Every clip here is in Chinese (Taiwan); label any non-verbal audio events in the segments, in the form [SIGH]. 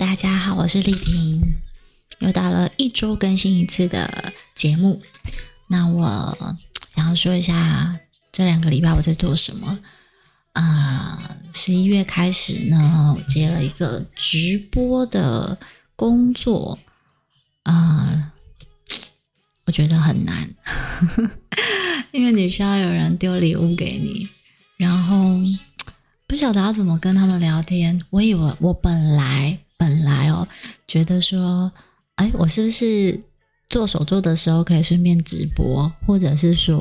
大家好，我是麗婷，又到了一周更新一次的節目。那我想要說一下這兩個禮拜我在做什麼啊？十一月開始呢，我接了一個直播的工作，啊、呃，我覺得很難， [LAUGHS] 因為你需要有人丟禮物給你，然後不曉得要怎麼跟他們聊天。我以為我本來。本來哦，覺得說，哎，我是不是做手作的時候可以順便直播？或者是說，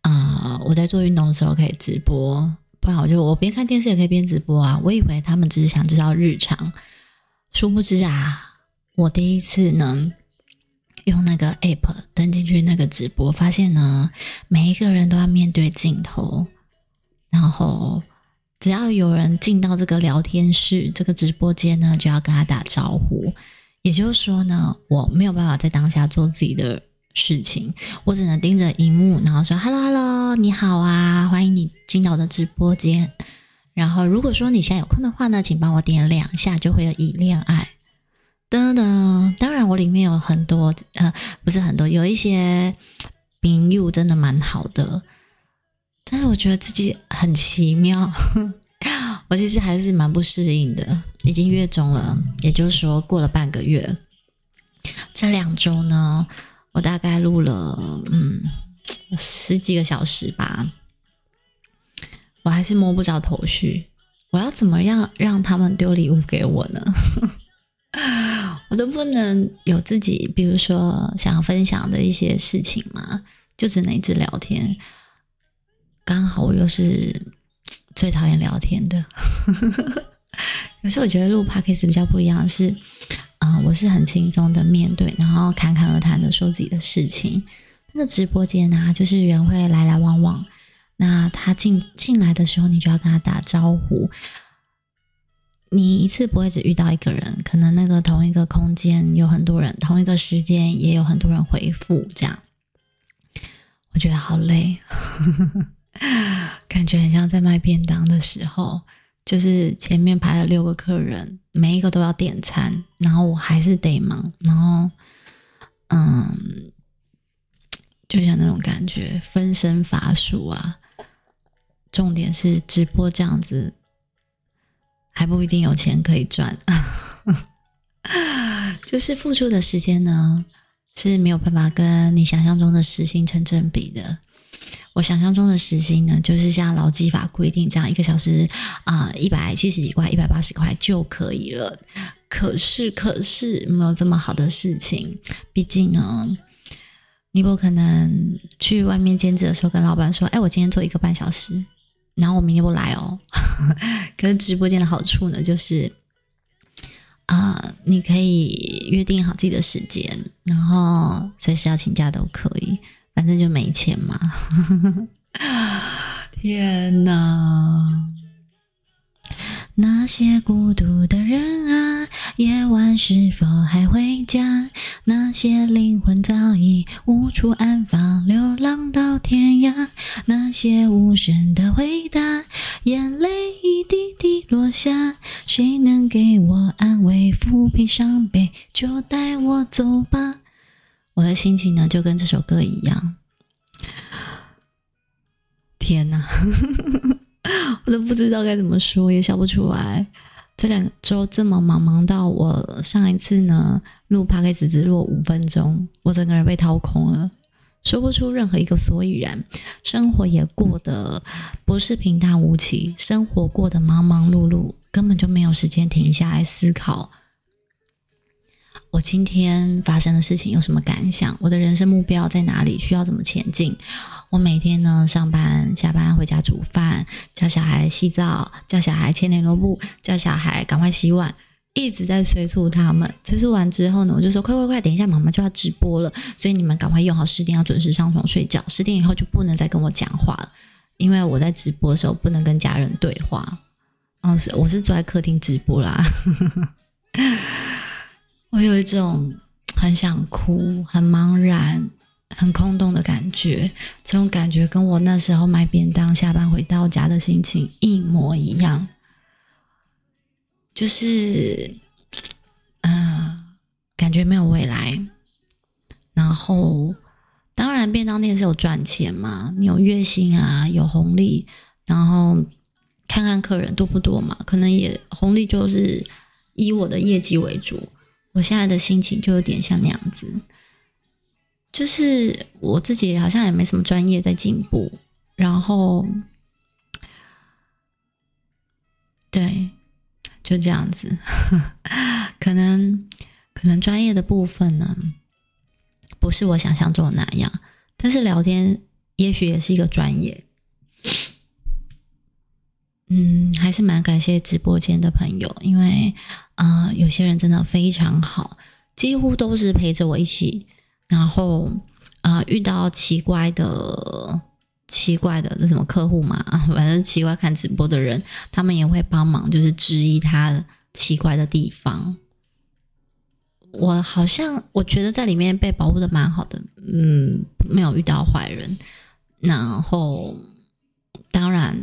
啊、呃，我在做運動的時候可以直播，不然我就我邊看電視也可以邊直播啊。我以為他們只是想知道日常，殊不知啊，我第一次呢用那個 APP 登進去那個直播，發現呢每一個人都要面對鏡頭，然後。只要有人進到這個聊天室，這個直播間呢，就要跟他打招呼。也就是說呢，我沒有辦法在當下做自己的事情，我只能盯着熒幕，然後說 [MUSIC] “hello hello，你好啊，歡迎你進到我的直播間。”然後，如果說你現在有空的話呢，請幫我點兩下，就會有以戀愛。噔噔，當然我裡面有很多，呃，不是很多，有一些朋友真的蠻好的。但是我覺得自己很奇妙， [LAUGHS] 我其實還是蠻不適應的。已經月中了，也就是說，過了半個月，這兩周呢，我大概錄了嗯十幾個小時吧，我還是摸不着頭緒。我要怎麼樣讓他們丟禮物給我呢？ [LAUGHS] 我都不能有自己，比如說想分享的一些事情嘛，就只能一直聊天。剛好我又是最討厭聊天的， [LAUGHS] 可是我覺得錄 Podcast 比較不一樣的是，嗯、呃，我是很輕鬆的面對，然後侃侃而談的說自己的事情。那個直播間啊，就是人會來來往往，那他進進來的時候，你就要跟他打招呼。你一次不會只遇到一個人，可能那個同一個空間有很多人，同一個時間也有很多人回覆，這樣，我覺得好累。 [LAUGHS] 感覺很像在賣便當的時候，就是前面排了六個客人，每一個都要點餐，然後我還是得忙，然後嗯，就像那種感覺，分身乏術啊。重點是直播這樣子還不一定有錢可以賺， [LAUGHS] 就是付出的時間呢是沒有辦法跟你想象中的時薪成正比的。我想象中的時薪呢，就是像勞基法規定這樣一個小時啊，一百七十幾塊、一百八十塊就可以了。可是，可是沒有這麼好的事情。畢竟呢，你不可能去外面兼職的時候跟老闆說：“哎、欸，我今天做一個半小時，然後我明天不來哦。 [LAUGHS] ”可是直播間的好處呢，就是啊，你可以約定好自己的時間，然後隨時要請假都可以。那就沒錢嘛！ [LAUGHS] 天哪！那些孤獨的人啊，夜晚是否還回家？那些靈魂早已無處安放，流浪到天涯。那些無聲的回答，眼淚一滴滴落下。誰能給我安慰，撫平傷悲？就帶我走吧。我的心情呢，就跟這首歌一樣。天哪， [LAUGHS] 我都不知道該怎麼說，也笑不出來。 [LAUGHS] 這兩周這麼忙，忙到我上一次呢錄 podcast 只錄五分鐘，我整個人被掏空了，說不出任何一個所以然。生活也過得不是平淡無奇，嗯、生活過得忙忙碌碌，根本就沒有時間停下來思考。我今天發生的事情有什麼感想？我的人生目標在哪裡？需要怎麼前進？我每天呢，上班、下班、回家煮飯、叫小孩洗澡、叫小孩牽連蘿蔔、叫小孩趕快洗碗，一直在催促他們。催促完之後呢，我就說：“快快快，等一下媽媽就要直播了，所以你們趕快用好十點，要準時上床睡覺。十點以後就不能再跟我講話了，因為我在直播的時候不能跟家人對話。”哦，是，我是坐在客廳直播啦。 [LAUGHS] 我有一種很想哭、很茫然、很空洞的感覺。這種感覺跟我那時候買便當、下班回到家的心情一模一樣，就是，啊、呃，感覺沒有未來。然後，當然，便當店是有賺錢嘛？你有月薪啊，有紅利。然後，看看客人多不多嘛？可能也紅利就是以我的業績為主。我現在的心情就有點像那樣子，就是我自己好像也沒什麼專業在進步，然後，對，就這樣子，可能，可能專業的部分呢，不是我想象中的那樣，但是聊天也許也是一個專業。嗯，還是蠻感謝直播間的朋友，因為啊、呃，有些人真的非常好，幾乎都是陪着我一起。然後啊、呃，遇到奇怪的、奇怪的什麼客戶嘛，反正奇怪看直播的人，他們也會幫忙，就是質疑他奇怪的地方。我好像我覺得在裡面被保護的蠻好的，嗯，沒有遇到壞人。然後當然。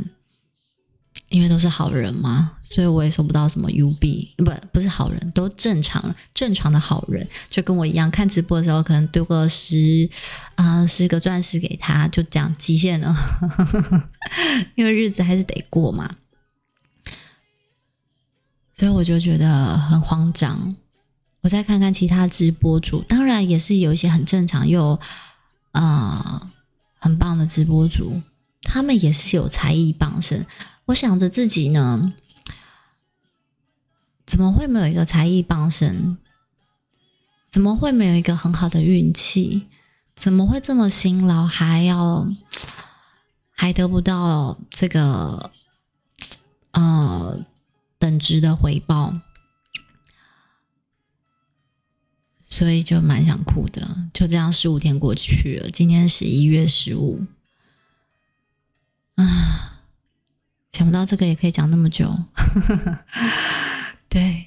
因為都是好人嘛，所以我也收不到什麼 U 幣。不，不是好人，都正常，正常的好人就跟我一樣，看直播的時候可能丟個十啊、呃、十個鑽石給他，就這樣極限了， [LAUGHS] 因為日子還是得過嘛，所以我就覺得很慌張。我再看看其他直播主，當然也是有一些很正常又啊、呃、很棒的直播主，他們也是有才藝傍身。我想着自己呢，怎麼會沒有一個才藝傍身？怎麼會沒有一個很好的運氣？怎麼會這麼辛勞還要還得不到這個呃等值的回報？所以就蠻想哭的。就這樣，十五天過去了，今天是一月十五啊。想不到這個也可以講那麼久， [LAUGHS] 對，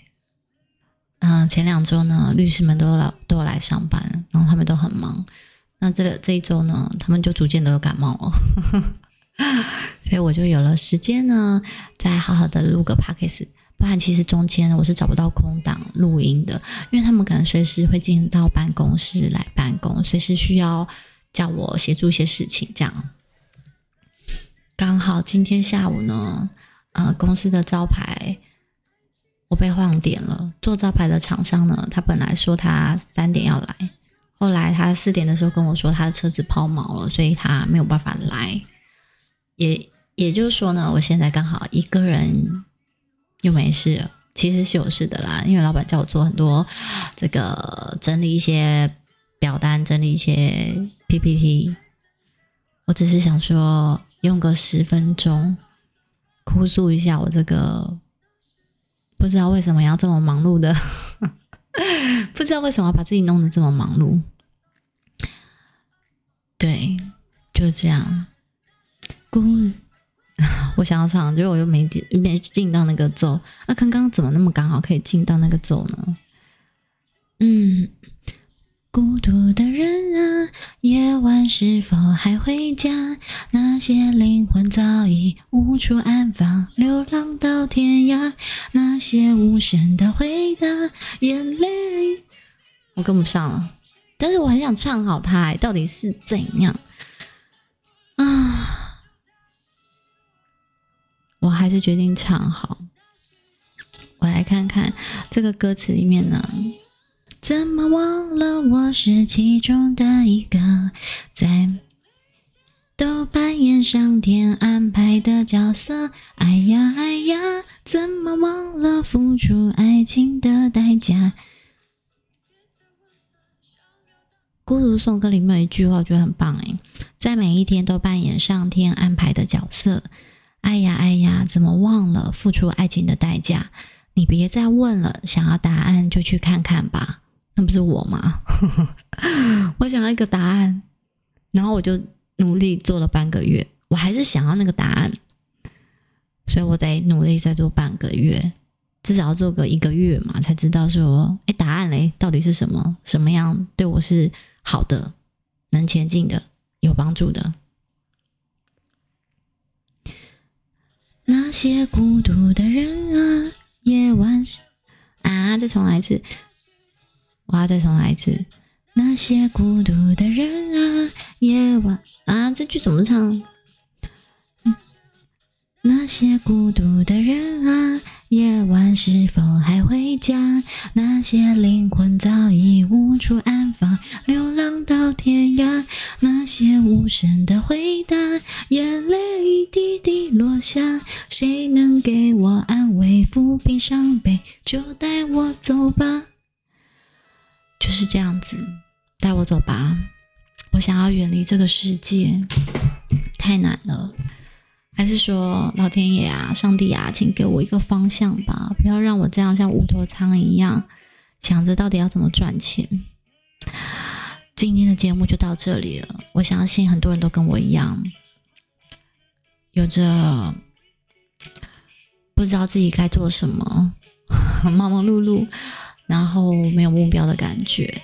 嗯、呃，前兩週呢，律師們都來，都有來上班，然後他們都很忙，那這個這一週呢，他們就逐漸都有感冒了，哦， [LAUGHS] 所以我就有了時間呢，再好好的錄個 podcast，不然其實中間呢，我是找不到空檔錄音的，因為他們可能隨時會進到辦公室來辦公，隨時需要叫我協助一些事情這樣。剛好今天下午呢，呃，公司的招牌我被晃點了。做招牌的廠商呢，他本來說他三點要來，後來他四點的時候跟我說他的車子拋錨了，所以他沒有辦法來。也也就是說呢，我現在剛好一個人又沒事，其實是有事的啦，因為老闆叫我做很多這個整理一些表單，整理一些 PPT。我只是想說，用個十分鐘哭訴一下我這個不知道為什麼要這麼忙碌的， [LAUGHS] 不知道為什麼要把自己弄得這麼忙碌。對，就這樣。 [LAUGHS] 我想要唱，結果我又沒進，沒進到那個奏。那剛剛怎麼那麼剛好可以進到那個奏呢？嗯。孤獨的人啊，夜晚是否還回家？那些靈魂早已無處安放，流浪到天涯。那些無聲的回答，眼淚我跟不上了，但是我很想唱好它、欸，到底是怎樣啊？我還是決定唱好。我來看看這個歌詞裡面呢、啊。怎麼忘了我是其中的一個，在都扮演上天安排的角色？哎呀哎呀，怎麼忘了付出愛情的代價？《孤獨頌歌》裡面有一句話，我覺得很棒哎，在每一天都扮演上天安排的角色。哎呀哎呀，怎麼忘了付出愛情的代價？你別再問了，想要答案就去看看吧。那不是我嗎？ [LAUGHS] 我想要一個答案，然後我就努力做了半個月，我還是想要那個答案，所以我得努力再做半個月，至少做個一個月嘛，才知道說，哎、欸，答案嘞，到底是什麼？什麼樣對我是好的，能前進的，有幫助的。那些孤獨的人啊，夜晚啊，再重來一次。我要再重來一次。那些孤獨的人啊，夜晚啊，這句怎麼唱？嗯。那些孤獨的人啊，夜晚是否還回家？那些靈魂早已無處安放，流浪到天涯。那些無聲的回答，眼淚一滴滴落下。誰能給我安慰，撫平傷悲？就帶我走吧。就是這樣子，帶我走吧！我想要遠離這個世界，太難了。還是說，老天爺啊，上帝啊，請給我一個方向吧！不要讓我這樣像無頭蒼蠅一樣，想着到底要怎麼賺錢。今天的節目就到這裡了。我相信很多人都跟我一樣，有着不知道自己該做什麼， [LAUGHS] 忙忙碌碌。然後沒有目標的感覺，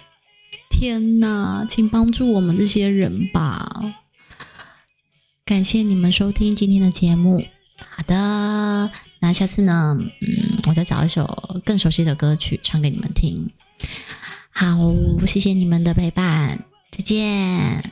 天哪，請幫助我們這些人吧！感謝你們收聽今天的節目。好的，那下次呢？嗯，我再找一首更熟悉的歌曲唱給你們聽。好，謝謝你們的陪伴，再見。